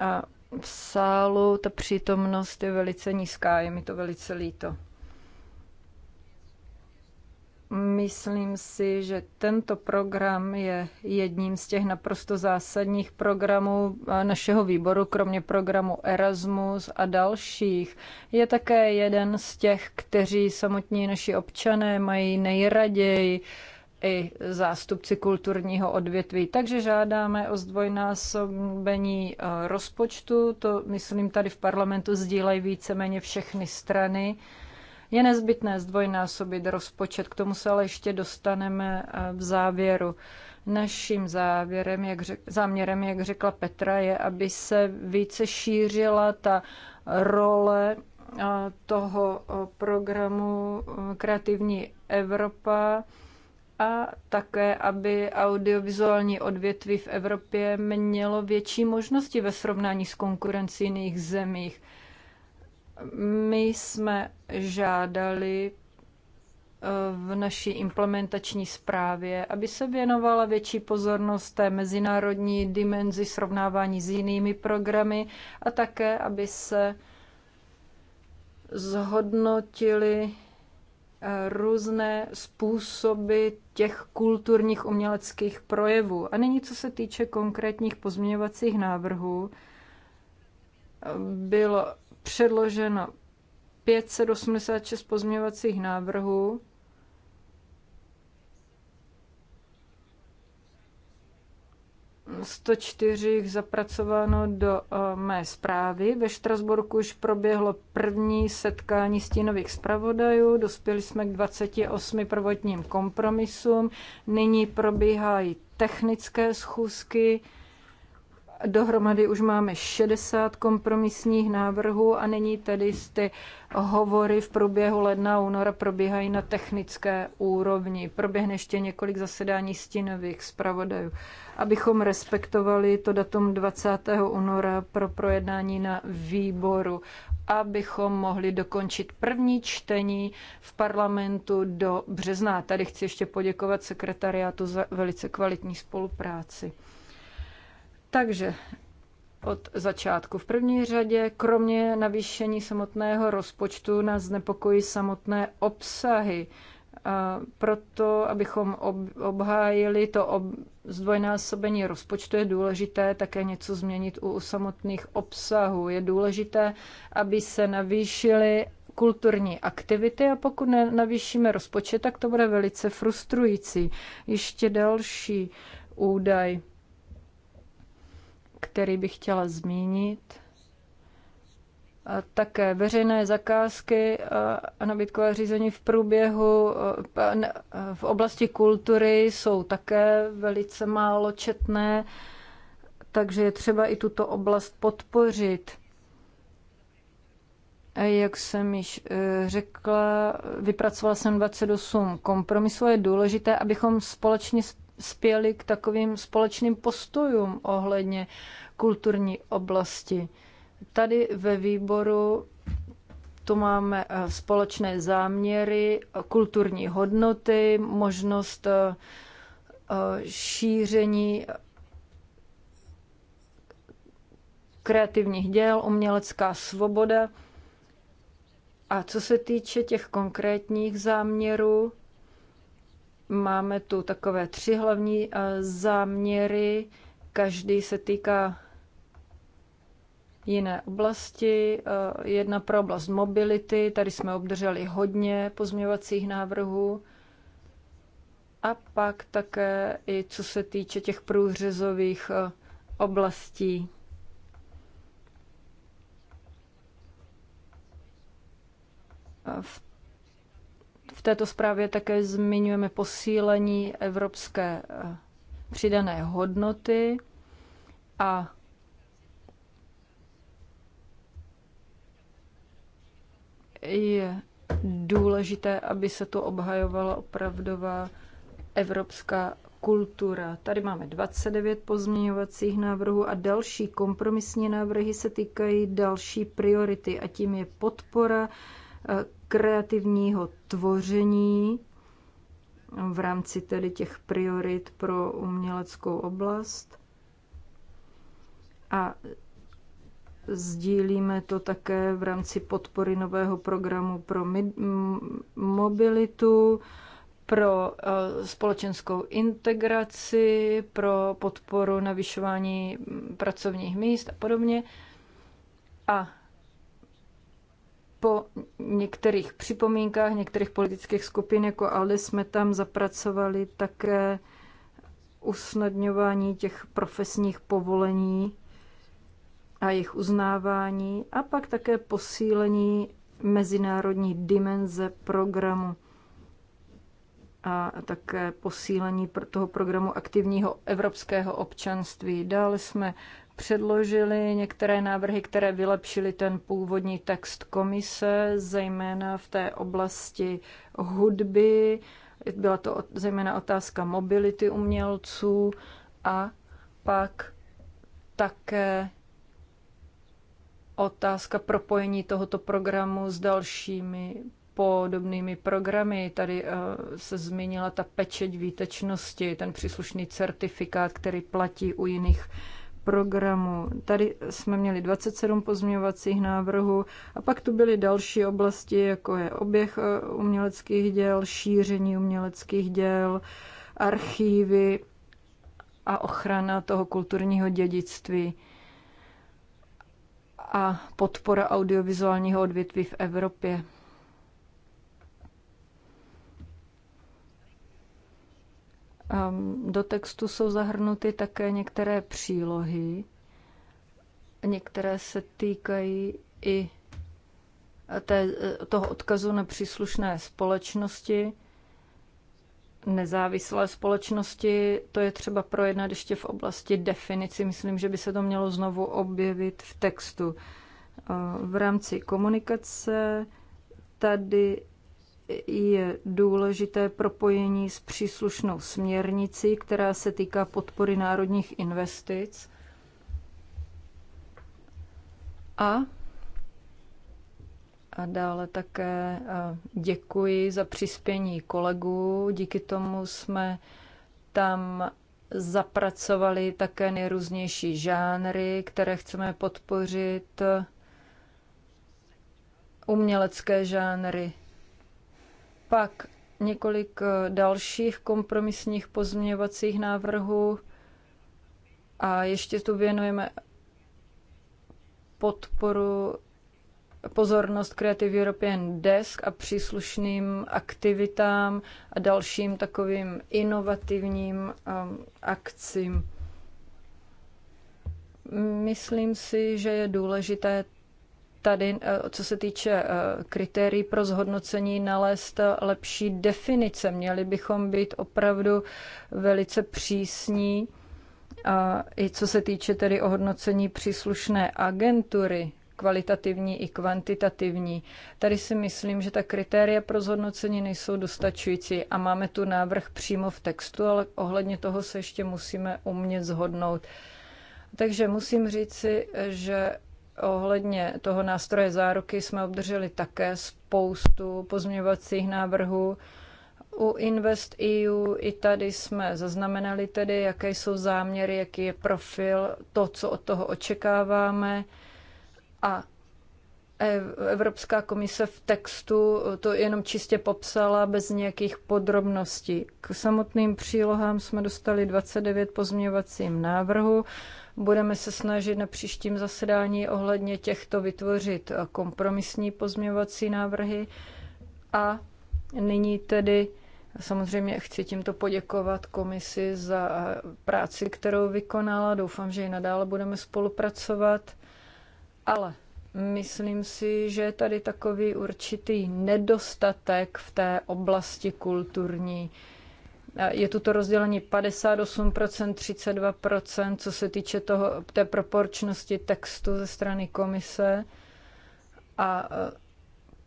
[SPEAKER 1] A v sálu ta přítomnost je velice nízká, je mi to velice líto. Myslím si, že tento program je jedním z těch naprosto zásadních programů eh, našeho výboru, kromě programu Erasmus a dalších. Je také jeden z těch, kteří samotní naši občané mají nejraději i zástupci kulturního odvětví. Takže žádáme o zdvojnásobení eh, rozpočtu, to myslím tady v parlamentu sdílejí víceméně všechny strany. Je nezbytné zdvojnásobit rozpočet, k tomu se ale ještě dostaneme eh, v závěru. Naším závěrem, jak řek, záměrem, jak řekla Petra, je, aby se více šířila ta role eh, toho eh, programu Kreativní Evropa a také, aby audiovizuální odvětví v Evropě mělo větší možnosti ve srovnání s konkurencí jiných zemích. My jsme žádali eh, v naší implementační zprávě, aby se věnovala větší pozornost té mezinárodní dimenzi srovnávání s jinými programy a také, aby se zhodnotily eh, různé způsoby těch kulturních uměleckých projevů. A nyní, co se týče konkrétních pozměňovacích návrhů, eh, bylo předloženo 586 pozměňovacích návrhů. Sto jich zapracováno do eh, mé zprávy. Ve Štrasburku už proběhlo první setkání stínových zpravodajů. Dospěli jsme k 28 prvotním kompromisům. Nyní probíhají technické schůzky. Dohromady už máme 60 kompromisních návrhů a nyní tedy ty hovory v průběhu ledna a února probíhají na technické úrovni. Proběhne ještě několik zasedání stínových zpravodajů, abychom respektovali to datum 20. února pro projednání na výboru, abychom mohli dokončit první čtení v parlamentu do března. Tady chci ještě poděkovat sekretariátu za velice kvalitní spolupráci. Takže od začátku. V první řadě, kromě navýšení samotného rozpočtu, nás znepokojí samotné obsahy. A proto, abychom ob, obhájili to ob, zdvojnásobení rozpočtu, je důležité také něco změnit u, u samotných obsahů. Je důležité, aby se navýšily kulturní aktivity a pokud navýšíme rozpočet, tak to bude velice frustrující. Ještě další údaj který bych chtěla zmínit. A také veřejné zakázky a nabídkové řízení v průběhu v oblasti kultury jsou také velice málo četné, takže je třeba i tuto oblast podpořit. Jak jsem již e, řekla, vypracovala jsem 28 kompromisů. Je důležité, abychom společně s spěli k takovým společným postojům ohledně kulturní oblasti. Tady ve výboru tu máme eh, společné záměry, kulturní hodnoty, možnost eh, šíření eh, kreativních děl, umělecká svoboda. A co se týče těch konkrétních záměrů, Máme tu takové tři hlavní eh, záměry, každý se týká jiné oblasti. Eh, jedna pro oblast mobility, tady jsme obdrželi hodně pozměňovacích návrhů. A pak také i co se týče těch průřezových eh, oblastí. V této zprávě také zmiňujeme posílení evropské eh, přidané hodnoty a je důležité, aby se tu obhajovala opravdová evropská kultura. Tady máme 29 pozměňovacích návrhů a další kompromisní návrhy se týkají další priority a tím je podpora kreativního tvoření v rámci tedy těch priorit pro uměleckou oblast. A sdílíme to také v rámci podpory nového programu pro mobilitu, pro eh, společenskou integraci, pro podporu navyšování pracovních míst a podobně. A po některých připomínkách některých politických skupin jako ALDE jsme tam zapracovali také usnadňování těch profesních povolení a jejich uznávání a pak také posílení mezinárodní dimenze programu a také posílení toho programu aktivního evropského občanství. Dále jsme předložili některé návrhy, které vylepšily ten původní text komise, zejména v té oblasti hudby. Byla to zejména otázka mobility umělců a pak také otázka propojení tohoto programu s dalšími podobnými programy. Tady eh, se zmínila ta pečeť výtečnosti, ten příslušný certifikát, který platí u jiných programu. Tady jsme měli 27 pozměňovacích návrhů a pak tu byly další oblasti, jako je oběh e, uměleckých děl, šíření uměleckých děl, archívy a ochrana toho kulturního dědictví a podpora audiovizuálního odvětví v Evropě. Ehm, do textu jsou zahrnuty také některé přílohy. Některé se týkají i té, eh, toho odkazu na příslušné společnosti, nezávislé společnosti. To je třeba projednat ještě v oblasti definici. Myslím, že by se to mělo znovu objevit v textu. Ehm, v rámci komunikace tady je důležité propojení s příslušnou směrnicí, která se týká podpory národních investic. A a dále také děkuji za přispění kolegů. Díky tomu jsme tam zapracovali také nejrůznější žánry, které chceme podpořit, umělecké žánry, pak několik eh, dalších kompromisních pozměňovacích návrhů a ještě tu věnujeme podporu pozornost Creative European Desk a příslušným aktivitám a dalším takovým inovativním um, akcím. Myslím si, že je důležité tady, eh, co se týče eh, kritérií pro zhodnocení, nalézt eh, lepší definice. Měli bychom být opravdu velice přísní, a i co se týče tedy ohodnocení příslušné agentury, kvalitativní i kvantitativní. Tady si myslím, že ta kritéria pro zhodnocení nejsou dostačující a máme tu návrh přímo v textu, ale ohledně toho se ještě musíme umět zhodnout. Takže musím říci, že Ohledně toho nástroje záruky jsme obdrželi také spoustu pozměňovacích návrhů. U Invest EU i tady jsme zaznamenali tedy, jaké jsou záměry, jaký je profil, to, co od toho očekáváme. A Evropská komise v textu to jenom čistě popsala bez nějakých podrobností. K samotným přílohám jsme dostali 29 pozměňovacím návrhu Budeme se snažit na příštím zasedání ohledně těchto vytvořit kompromisní pozměňovací návrhy a nyní tedy Samozřejmě chci tímto poděkovat komisi za práci, kterou vykonala. Doufám, že i nadále budeme spolupracovat. Ale myslím si, že je tady takový určitý nedostatek v té oblasti kulturní je tu to rozdělení 58%, 32%, co se týče toho, té proporčnosti textu ze strany komise a e,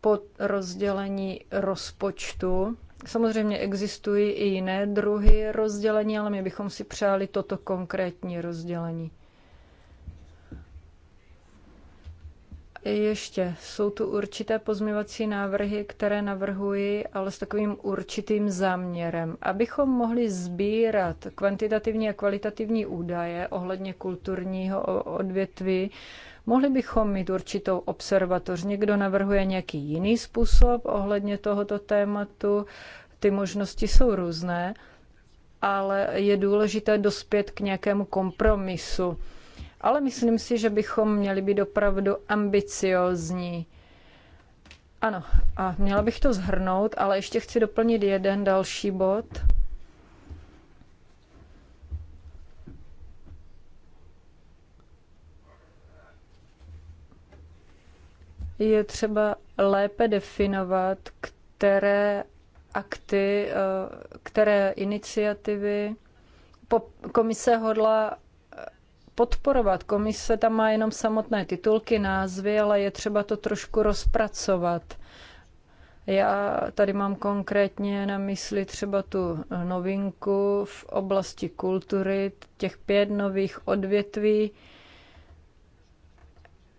[SPEAKER 1] po rozdělení rozpočtu. Samozřejmě existují i jiné druhy rozdělení, ale my bychom si přáli toto konkrétní rozdělení. ještě jsou tu určité pozměvací návrhy, které navrhuji, ale s takovým určitým záměrem. Abychom mohli sbírat kvantitativní a kvalitativní údaje ohledně kulturního odvětví, mohli bychom mít určitou observatoř. Někdo navrhuje nějaký jiný způsob ohledně tohoto tématu. Ty možnosti jsou různé, ale je důležité dospět k nějakému kompromisu ale myslím si, že bychom měli být opravdu ambiciozní. Ano, a měla bych to zhrnout, ale ještě chci doplnit jeden další bod. Je třeba lépe definovat, které akty, eh, které iniciativy komise hodla podporovat. Komise tam má jenom samotné titulky, názvy, ale je třeba to trošku rozpracovat. Já tady mám konkrétně na mysli třeba tu novinku v oblasti kultury, těch pět nových odvětví,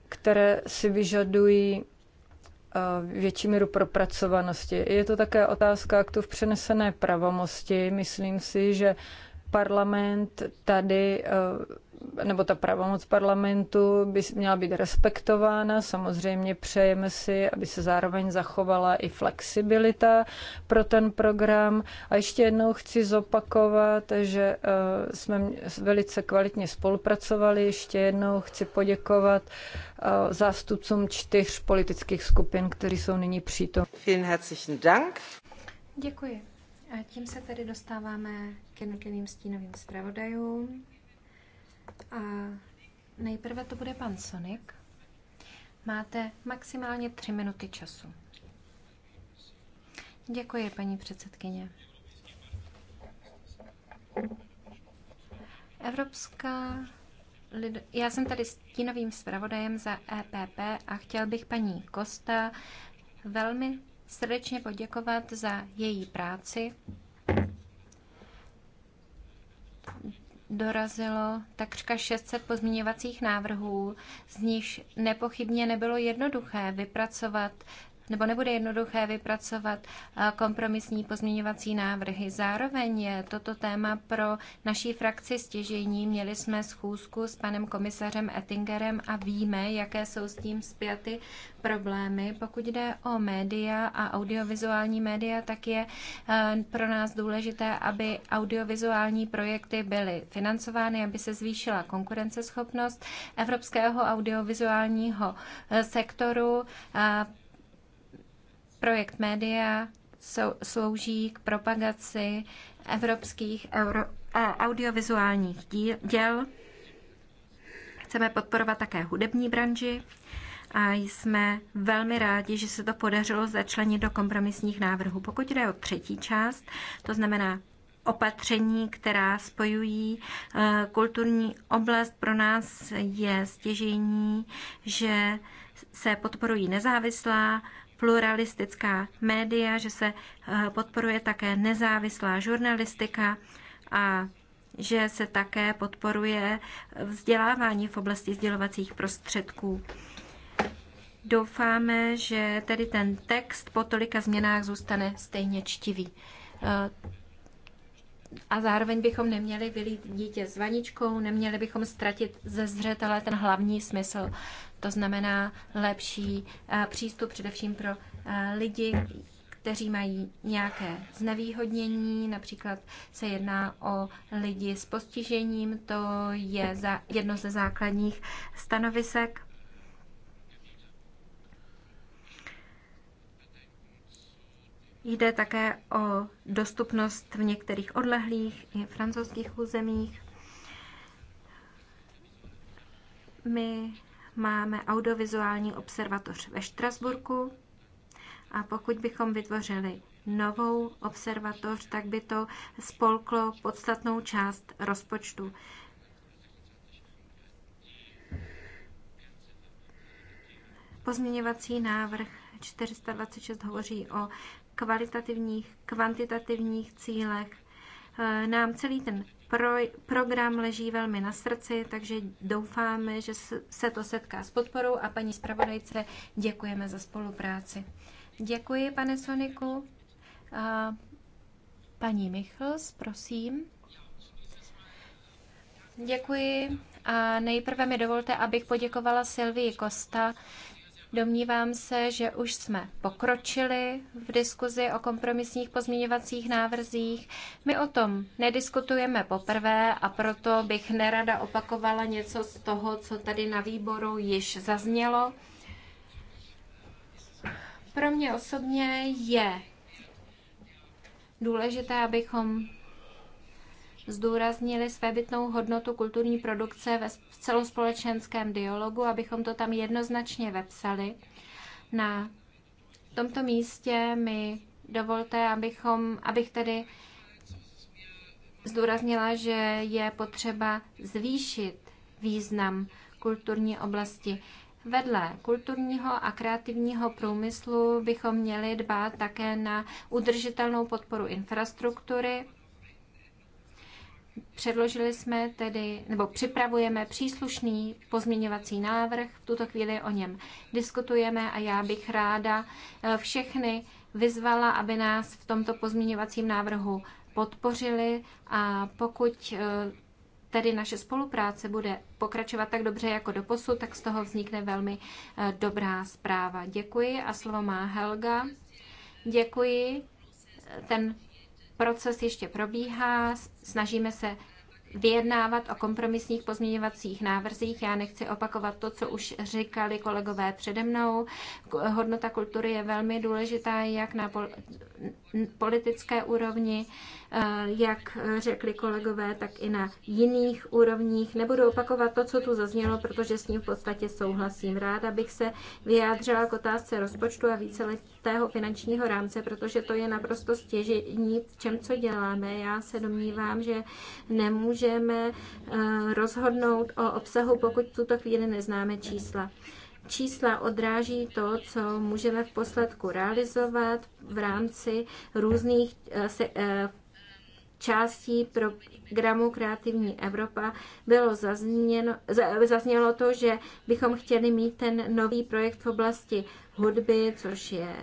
[SPEAKER 1] které si vyžadují eh, větší míru propracovanosti. Je to také otázka tu v přenesené pravomosti. Myslím si, že parlament tady eh, nebo ta pravomoc parlamentu by měla být respektována. Samozřejmě přejeme si, aby se zároveň zachovala i flexibilita pro ten program. A ještě jednou chci zopakovat, že eh, jsme velice kvalitně spolupracovali. Ještě jednou chci poděkovat eh, zástupcům čtyř politických skupin, kteří jsou nyní přítomni. Vielen herzlichen Dank.
[SPEAKER 2] Děkuji. A tím se tedy dostáváme k jednotlivým stínovým zpravodajům. A nejprve to bude pan Sonik. Máte maximálně tři minuty času. Děkuji, paní předsedkyně. Evropská Já jsem tady stínovým zpravodajem za EPP a chtěl bych paní Kosta velmi srdečně poděkovat za její práci. dorazilo takřka 600 pozměňovacích návrhů, z nichž nepochybně nebylo jednoduché vypracovat nebo nebude jednoduché vypracovat eh, kompromisní pozměňovací návrhy. Zároveň je toto téma pro naší frakci stěžení. Měli jsme schůzku s panem komisařem Ettingerem a víme, jaké jsou s tím zpěty problémy. Pokud jde o média a audiovizuální média, tak je eh, pro nás důležité, aby audiovizuální projekty byly financovány, aby se zvýšila konkurenceschopnost evropského audiovizuálního eh, sektoru Projekt Média slouží k propagaci evropských euro, audiovizuálních díl, děl. Chceme podporovat také hudební branži a jsme velmi rádi, že se to podařilo začlenit do kompromisních návrhů. Pokud jde o třetí část, to znamená opatření, která spojují eh, kulturní oblast, pro nás je stěžení, že se podporují nezávislá pluralistická média, že se eh, podporuje také nezávislá žurnalistika a že se také podporuje vzdělávání v oblasti sdělovacích prostředků. Doufáme, že tedy ten text po tolika změnách zůstane stejně čtivý. Eh, a zároveň bychom neměli vylít dítě s vaničkou, neměli bychom ztratit ze zřetele ten hlavní smysl to znamená lepší eh, přístup především pro eh, lidi, kteří mají nějaké znevýhodnění, například se jedná o lidi s postižením, to je za jedno ze základních stanovisek. Jde také o dostupnost v některých odlehlých i francouzských územích. My máme audiovizuální observatoř ve Štrasburku a pokud bychom vytvořili novou observatoř, tak by to spolklo podstatnou část rozpočtu. Pozměňovací návrh 426 hovoří o kvalitativních, kvantitativních cílech. E, nám celý ten pro, program leží velmi na srdci, takže doufáme, že se to setká s podporou a paní zpravodajce děkujeme za spolupráci. Děkuji, pane Soniku. A paní Michls, prosím. Děkuji. A nejprve mi dovolte, abych poděkovala Silvii Kosta Domnívám se, že už jsme pokročili v diskuzi o kompromisních pozměňovacích návrzích. My o tom nediskutujeme poprvé a proto bych nerada opakovala něco z toho, co tady na výboru již zaznělo. Pro mě osobně je důležité, abychom zdůraznili svébytnou hodnotu kulturní produkce ve celospolečenském dialogu, abychom to tam jednoznačně vepsali. Na tomto místě mi dovolte, abychom, abych tedy zdůraznila, že je potřeba zvýšit význam kulturní oblasti. Vedle kulturního a kreativního průmyslu bychom měli dbát také na udržitelnou podporu infrastruktury, Předložili jsme tedy, nebo připravujeme příslušný pozměňovací návrh, v tuto chvíli o něm diskutujeme a já bych ráda eh, všechny vyzvala, aby nás v tomto pozměňovacím návrhu podpořili a pokud eh, tedy naše spolupráce bude pokračovat tak dobře jako do posud, tak z toho vznikne velmi eh, dobrá zpráva. Děkuji a slovo má Helga. Děkuji. Ten Proces ještě probíhá, snažíme se vyjednávat o kompromisních pozměňovacích návrzích. Já nechci opakovat to, co už říkali kolegové přede mnou. Hodnota kultury je velmi důležitá jak na politické úrovni, Eh, jak řekli kolegové, tak i na jiných úrovních. Nebudu opakovat to, co tu zaznělo, protože s ním v podstatě souhlasím. Ráda bych se vyjádřila k otázce rozpočtu a víceletého finančního rámce, protože to je naprosto stěžení v čem, co děláme. Já se domnívám, že nemůžeme eh, rozhodnout o obsahu, pokud v tuto chvíli neznáme čísla čísla odráží to, co můžeme v posledku realizovat v rámci různých eh, částí programu Kreativní Evropa bylo zazněno, zaznělo to, že bychom chtěli mít ten nový projekt v oblasti hudby, což je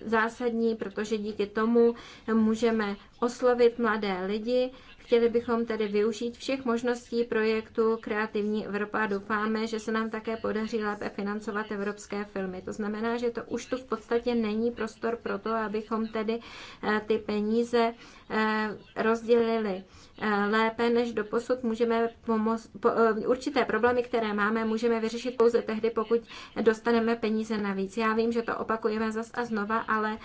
[SPEAKER 2] zásadní, protože díky tomu můžeme oslovit mladé lidi Chtěli bychom tedy využít všech možností projektu Kreativní Evropa a doufáme, že se nám také podaří lépe financovat evropské filmy. To znamená, že to už tu v podstatě není prostor pro to, abychom tedy eh, ty peníze eh, rozdělili eh, lépe než do posud. Můžeme pomoct, po, určité problémy, které máme, můžeme vyřešit pouze tehdy, pokud dostaneme peníze navíc. Já vím, že to opakujeme zas a znova, ale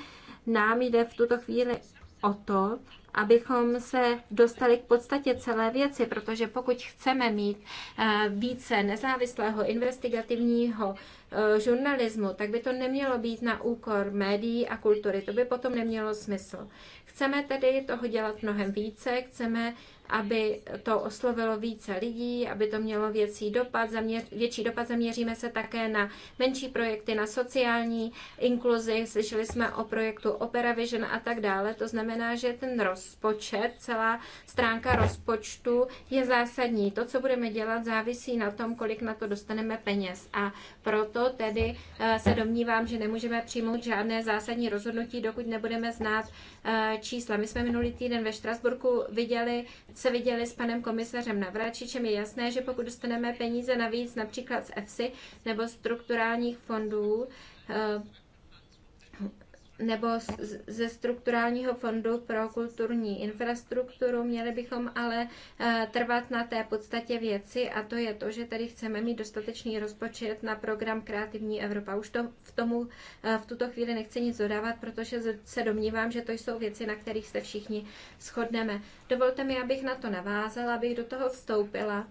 [SPEAKER 2] nám jde v tuto chvíli o to, abychom se dostali k podstatě celé věci, protože pokud chceme mít eh, více nezávislého investigativního eh, žurnalismu, tak by to nemělo být na úkor médií a kultury. To by potom nemělo smysl. Chceme tedy toho dělat mnohem více, chceme aby to oslovilo více lidí, aby to mělo větší dopad. Zaměř, větší dopad zaměříme se také na menší projekty, na sociální inkluzi. Slyšeli jsme o projektu Opera Vision a tak dále. To znamená, že ten rozpočet, celá stránka rozpočtu je zásadní. To, co budeme dělat, závisí na tom, kolik na to dostaneme peněz. A proto tedy eh, se domnívám, že nemůžeme přijmout žádné zásadní rozhodnutí, dokud nebudeme znát eh, čísla. My jsme minulý týden ve Štrasburku viděli se viděli s panem komisařem Navráčičem, je jasné, že pokud dostaneme peníze navíc například z EFSI nebo strukturálních fondů, eh, nebo ze strukturálního fondu pro kulturní infrastrukturu. Měli bychom ale eh, trvat na té podstatě věci a to je to, že tady chceme mít dostatečný rozpočet na program Kreativní Evropa. Už to v tomu eh, v tuto chvíli nechci nic dodávat, protože se domnívám, že to jsou věci, na kterých se všichni shodneme. Dovolte mi, abych na to navázala, abych do toho vstoupila.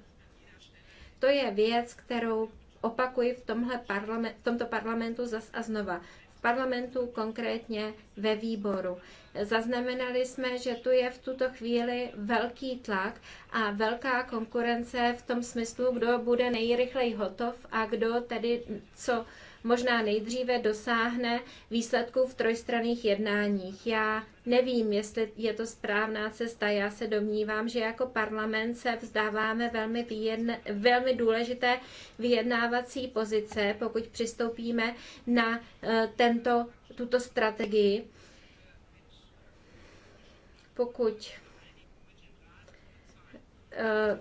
[SPEAKER 2] To je věc, kterou opakuji v, tomhle parlament, v tomto parlamentu zas a znova parlamentu, konkrétně ve výboru. Zaznamenali jsme, že tu je v tuto chvíli velký tlak a velká konkurence v tom smyslu, kdo bude nejrychleji hotov a kdo tedy co možná nejdříve dosáhne výsledků v trojstranných jednáních. Já nevím, jestli je to správná cesta. Já se domnívám, že jako parlament se vzdáváme velmi, výjedne, velmi důležité vyjednávací pozice, pokud přistoupíme na eh, tento, tuto strategii. Pokud eh,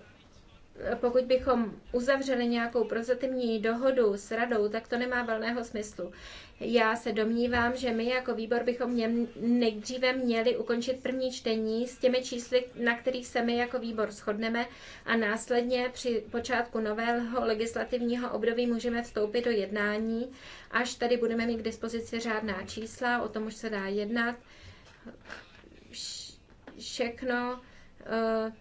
[SPEAKER 2] pokud bychom uzavřeli nějakou prozatímní dohodu s radou, tak to nemá velného smyslu. Já se domnívám, že my jako výbor bychom mě, nejdříve měli ukončit první čtení s těmi čísly, na kterých se my jako výbor shodneme a následně při počátku nového legislativního období můžeme vstoupit do jednání, až tady budeme mít k dispozici řádná čísla, o tom už se dá jednat. Všechno eh,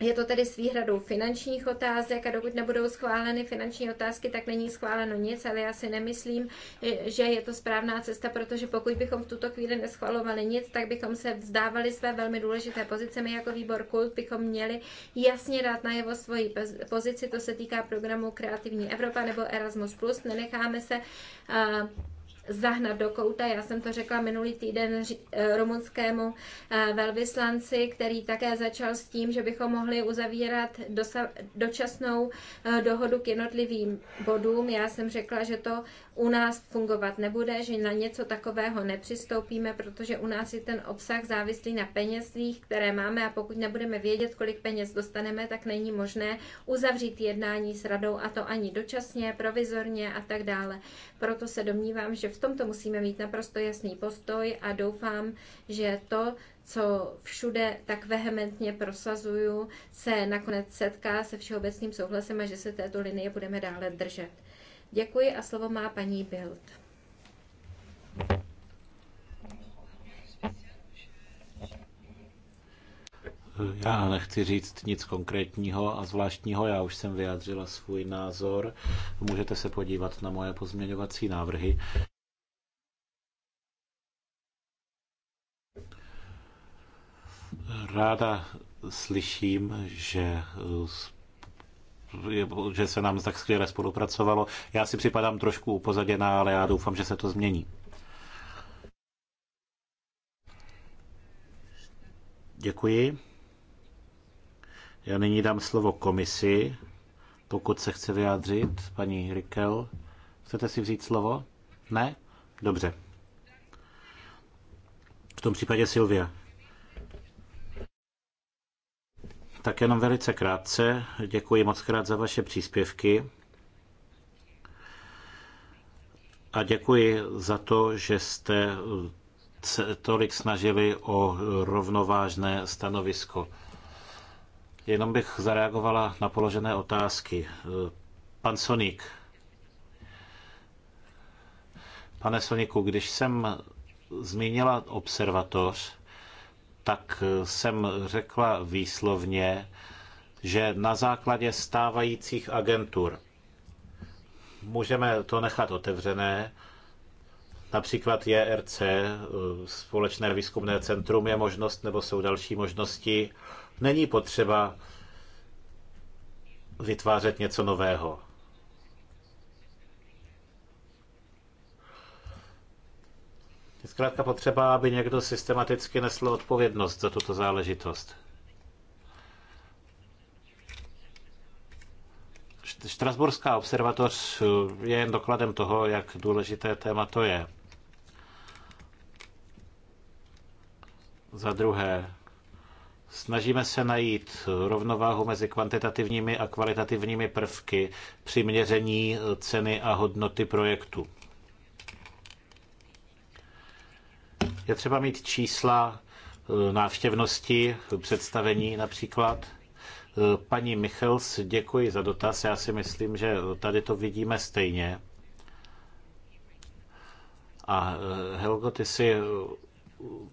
[SPEAKER 2] je to tedy s výhradou finančních otázek a dokud nebudou schváleny finanční otázky, tak není schváleno nic, ale já si nemyslím, eh, že je to správná cesta, protože pokud bychom v tuto chvíli neschvalovali nic, tak bychom se vzdávali své velmi důležité pozice. My jako výbor KULT bychom měli jasně dát najevo svoji pozici, to se týká programu Kreativní Evropa nebo Erasmus+. Nenecháme se uh, zahnat do kouta. Já jsem to řekla minulý týden eh, rumunskému eh, velvyslanci, který také začal s tím, že bychom mohli uzavírat dočasnou eh, dohodu k jednotlivým bodům. Já jsem řekla, že to u nás fungovat nebude, že na něco takového nepřistoupíme, protože u nás je ten obsah závislý na penězích, které máme a pokud nebudeme vědět, kolik peněz dostaneme, tak není možné uzavřít jednání s radou a to ani dočasně, provizorně a tak dále. Proto se domnívám, že v v tomto musíme mít naprosto jasný postoj a doufám, že to, co všude tak vehementně prosazuju, se nakonec setká se všeobecným souhlasem a že se této linie budeme dále držet. Děkuji a slovo má paní Bild.
[SPEAKER 3] Já nechci říct nic konkrétního a zvláštního, já už jsem vyjádřila svůj názor. Můžete se podívat na moje pozměňovací návrhy. Ráda slyším, že že se nám tak skvěle spolupracovalo. Já si připadám trošku upozaděná, ale já doufám, že se to změní. Děkuji. Já nyní dám slovo komisi, pokud se chce vyjádřit. Paní Rikel, chcete si vzít slovo? Ne? Dobře. V tom případě Silvia. Tak jenom velice krátce. Děkuji moc krát za vaše příspěvky. A děkuji za to, že jste se tolik snažili o rovnovážné stanovisko. Jenom bych zareagovala na položené otázky. Pan Sonik, Pane Soniku, když jsem zmínila observatoř, tak eh, jsem řekla výslovně, že na základě stávajících agentur můžeme to nechat otevřené, například JRC, eh, Společné výzkumné centrum je možnost, nebo jsou další možnosti. Není potřeba vytvářet něco nového. zkrátka potřeba, aby někdo systematicky nesl odpovědnost za tuto záležitost. Štrasburská observatoř je jen dokladem toho, jak důležité téma to je. Za druhé, snažíme se najít rovnováhu mezi kvantitativními a kvalitativními prvky při měření ceny a hodnoty projektu. Je třeba mít čísla eh, návštěvnosti, představení například. Eh, paní Michels, děkuji za dotaz. Já si myslím, že tady to vidíme stejně. A eh, Helgo, ty si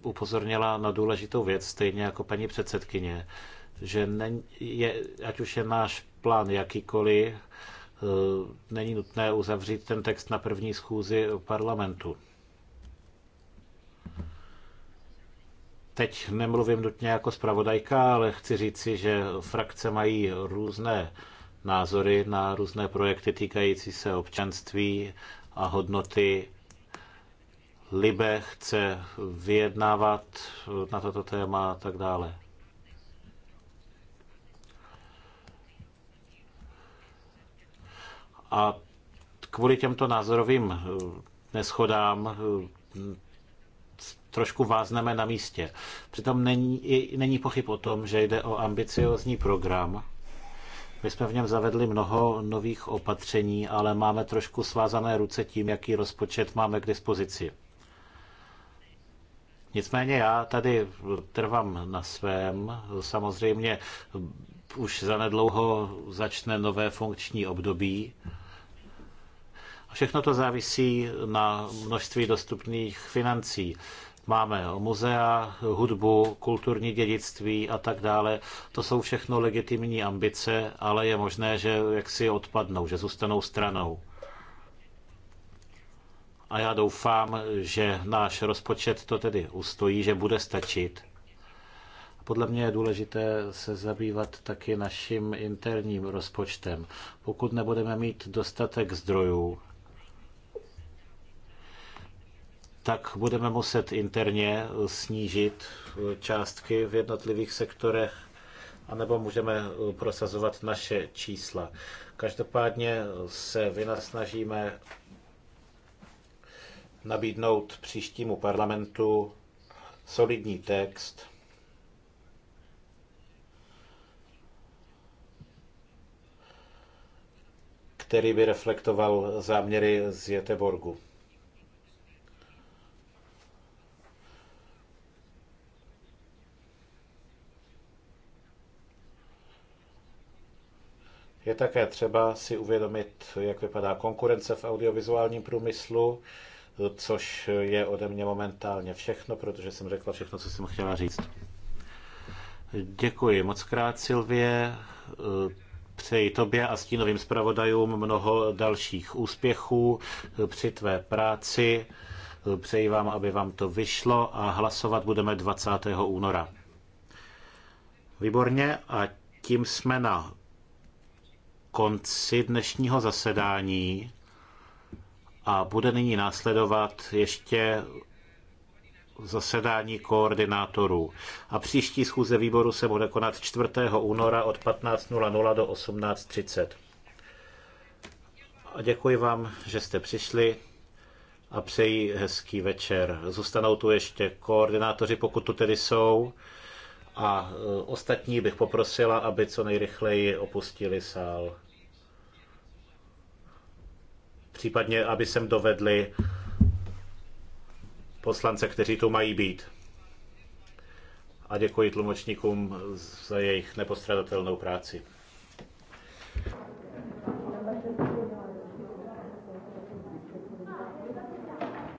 [SPEAKER 3] upozornila na důležitou věc, stejně jako paní předsedkyně, že není, je, ať už je náš plán jakýkoliv, není nutné uzavřít ten text na první schůzi parlamentu. Teď nemluvím nutně jako zpravodajka, ale chci říci, že frakce mají různé názory na různé projekty týkající se občanství a hodnoty. Libe chce vyjednávat na toto téma a tak dále. A kvůli těmto názorovým neschodám trošku vázneme na místě. Přitom není, není pochyb o tom, že jde o ambiciozní program. My jsme v něm zavedli mnoho nových opatření, ale máme trošku svázané ruce tím, jaký rozpočet máme k dispozici. Nicméně já tady trvám na svém. Samozřejmě už zanedlouho začne nové funkční období. Všechno to závisí na množství dostupných financí. Máme muzea, hudbu, kulturní dědictví a tak dále. To jsou všechno legitimní ambice, ale je možné, že jaksi odpadnou, že zůstanou stranou a já doufám, že náš rozpočet to tedy ustojí, že bude stačit. Podle mě je důležité se zabývat taky naším interním rozpočtem. Pokud nebudeme mít dostatek zdrojů, tak budeme muset interně snížit eh, částky v jednotlivých sektorech, anebo můžeme eh, prosazovat naše čísla. Každopádně eh, se vynasnažíme nabídnout příštímu parlamentu solidní text, který by reflektoval záměry z Jeteborgu. Je také třeba si uvědomit, jak vypadá konkurence v audiovizuálním průmyslu, což je ode mě momentálně všechno, protože jsem řekla všechno, co jsem chtěla říct. Děkuji moc krát, Silvie. Přeji tobě a stínovým zpravodajům mnoho dalších úspěchů při tvé práci. Přeji vám, aby vám to vyšlo a hlasovat budeme 20. února. Výborně a tím jsme na konci dnešního zasedání a bude nyní následovat ještě zasedání koordinátorů. A příští schůze výboru se bude konat 4. února od 15.00 do 18.30. A děkuji vám, že jste přišli a přeji hezký večer. Zůstanou tu ještě koordinátoři, pokud tu tedy jsou. A e, ostatní bych poprosila, aby co nejrychleji opustili sál případně aby sem dovedli poslance, kteří tu mají být. A děkuji tlumočníkům za jejich nepostradatelnou práci.